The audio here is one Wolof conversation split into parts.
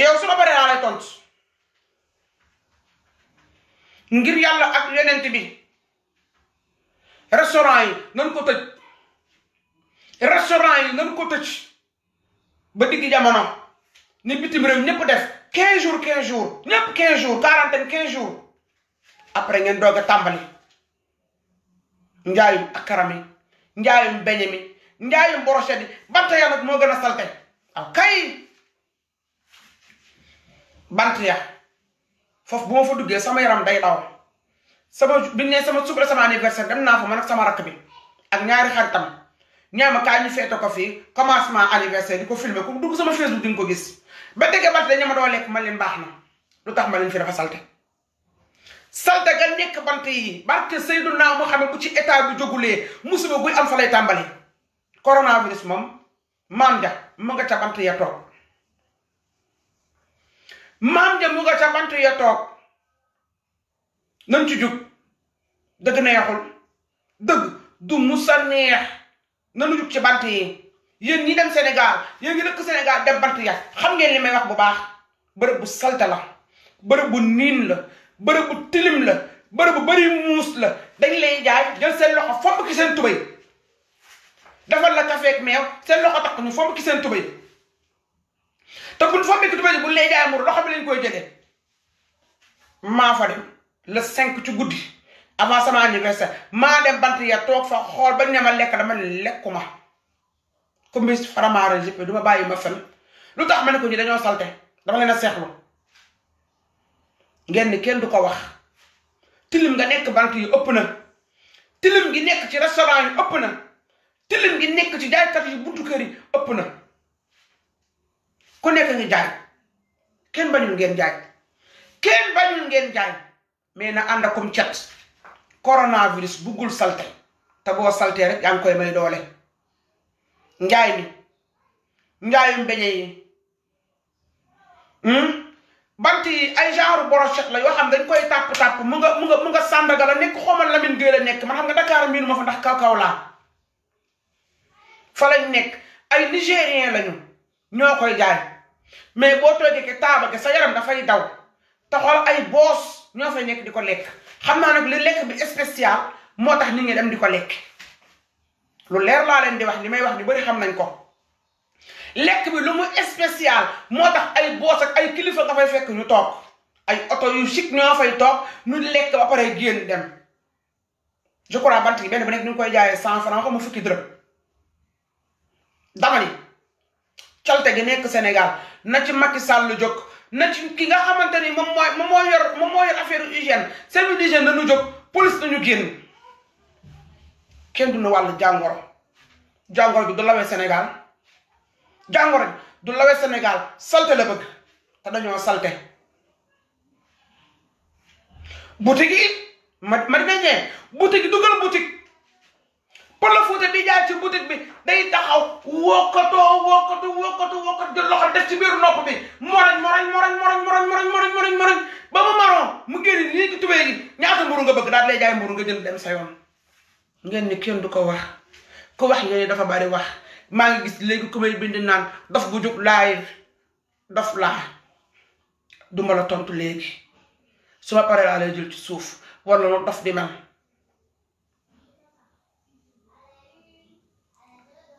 yow su ma paree laa lay tontu ngir yàlla ak yonent bi restaurant yi nan ko tëj restaurant yi nan ko tëj ba digg jamono ni bitim réew ñëpp def quinze jours quinze jours ñëpp quinze jours quarantaine quinze après ngeen doog a tàmbali njaayum akara mi njaayum beñe mi njaayum borosé bi banta yaa nag moo gën a salte waaw ah, bant ya foofu bu ma duggee sama yaram day daw sama bi ne sama suba sama anniversaire dem naa fa man ak sama rakk bi ak ñaari xaritam ñaama kaay ñu feete ko fii commencement anniversaire di ko filmer ku dugg sama facebook di nga ko gis ba déggee bant dañu ma doo lekk ma leen baax na lu tax ma leen fi dafa salte salte ga nekk bant yi naa moo mu xamee ku ci état bi jógulee musiba guy am fa lay tàmbali coronavirus moom maam ja mu nga ca bant ya maam ja mu nga ca bant toog nañ ci jug dëgg neexul dëgg du musa neex nanu jug ci bant yi yéen ñi dem Sénégal yéen ñi dëkk Sénégal dem bant ya xam ngeen li may wax bu baax bërëb bu salte la bërëb bu niin la bërëb bu tilim la bërëb bu bëri muus la dañ lay jaay jël seen loxo fomp ki seen tubéy defal la kafeeg meew seen loxo takk ñu fomp ki seen tubéy te buñ fa mbikk ma ji bu lay jaay mburu loxo bi lañ koy jëlee maa fa dem le cinq ci guddi avant sama anniversaire maa dem bant ya toog fa xool ba ñu ne ma lekk dama lekkuma kumbis faramaara jëpp du ma bàyyi ma fen lu tax ma ne ko ñi dañoo salte dama leen a seexlu ngeen kenn du ko wax tilim ga nekk bant yi ëpp na tilim gi nekk ci restaurant yi ëpp na tilim gi nekk ci jaaykat yi buntu kër yi ëpp na ku nekk ngi jaay kenn bañul ngeen jaay kenn bañul ngeen jaay mais na ànd akum cet coronavirus gul salte te boo saltee rek yaa ngi koy may doole njaay mi njaayum beñe yi hmm? bant yi ay genre brochette la yoo xam dañ koy tàpp-tàpp mu nga mu nga mu nga Sàndaga la nekk xoomal la nekk man xam nga Dakar miinu ma fa ndax kaw kaw laa fa lañ nekk ay nigérien lañu ñoo koy jaay mais boo toogee ke taaba ke sa yaram dafay daw te xool ay boos ñoo fay nekk di ko lekk xam naa nag li lekk bi spécial moo tax nit ñi dem di ko lekk lu leer laa leen di wax li may wax ñu bëri xam nañ ko lekk bi lu mu spécial moo tax ay boos ak ay kilifa nga fay fekk ñu toog ay oto yu chic ñoo fay toog ñu lekk ba pare génn dem je crois bant yi benn bu nekk ñu koy jaayee cent franc xaw ma fukki dërëm calte gi nekk Sénégal na ci Macky Sall jóg na ci ki nga xamante ni moom mooy moom moo yor moom moo yor affaire hygiène service d'hygiène nañu jóg police nañu génn kenn du na wàll jàngoro jàngoro bi du la Sénégal jàngoro bi du lawee Sénégal salte la bëgg te dañoo salte boutique ma ma dina ñee boutique yi dugal boutique Pël Fuuta bi jaar ci boutique bi day taxaw wokkatoo wokkatoo wokkatoo wokkatoo ci biiru nopp bi moroñ moroñ moroñ moroñ moroñ moroñ moroñ moroñ ba mu maroon mu génn nii ci tubéy gi ñaata mburu nga bëgg daal lay jaay mburu nga jël dem sa yoon. ngeen ni kenn du ko wax ku wax ngeen dafa bari wax maa ngi gis léegi ku may bind naan dof gu jub laay dof laa duma la tontu léegi su ma paree laa ci suuf wala loolu dof di mel.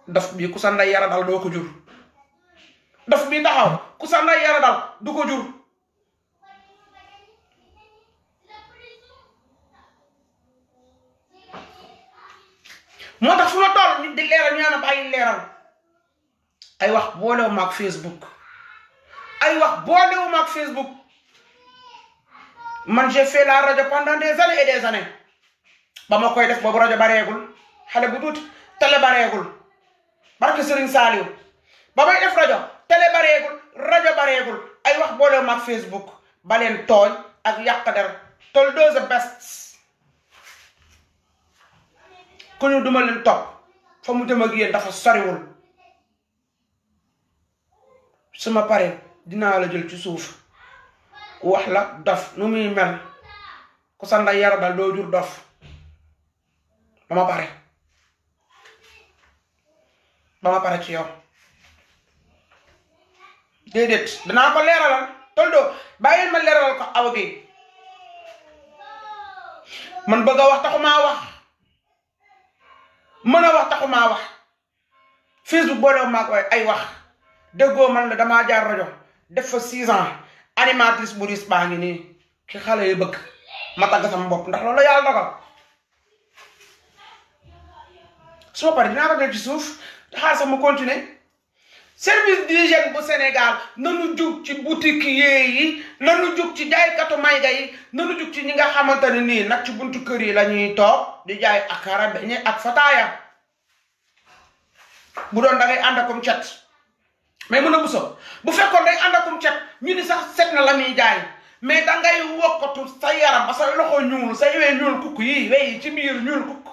daf bi ku sa yara dal doo ko jur daf bi ndaxaw ku yara dal du ko jur moo tax fu ma toll nit di leeral ñu naan bàyyi leeral ay wax boolewuma ak Facebook ay wax ak Facebook man j'ai fait la rajo pendant des années et des années ba ma koy def boobu rajo bareegul xale bu tuuti télé bareegul barke Serigne Saliou ba may def rajo bareegul rajo bareegul ay wax boole mag Facebook ba leen tooñ ak yàq der tol dose best ku ñu duma leen topp fa mu jëm ak yéen dafa soriwul su ma paree dinaa la jël ci suuf wax la dof nu muy mel ku sa nday yarabal doo jur dof dama pare ba ma pare ci yow déedéet danaa ko leeralal toldo bàyyil ma leeralal ko aw bi man bëgg a wax taxumaa wax mën a wax taxumaa wax facebook boolewu maa koy ay wax déggoo man la damaa jaar rajo def fa six ans animatrice bu ris baa ngi nii ki xale yi bëgg ma tagg sama bopp ndax loolu yàlla dogal su pare dinaa ko def ci sa sama continuer service d'hygiène bu Sénégal nanu jug ci boutique yi nanu jug ci jaaykatu mayga yi nanu jug ci ñi nga xamante ne nii nag ci buntu kër yi la ñuy toog di jaay ak akara beñe ak fataaya bu doon da ngay ànd akum cet mais mën a so bu fekkoon day ànd akum cet ñu ni sax set na la muy jaay mais da ngay wokkatu sa yaram ba sa loxo ñuul sa wee ñuul kukk yi wey ci biir ñuul kukk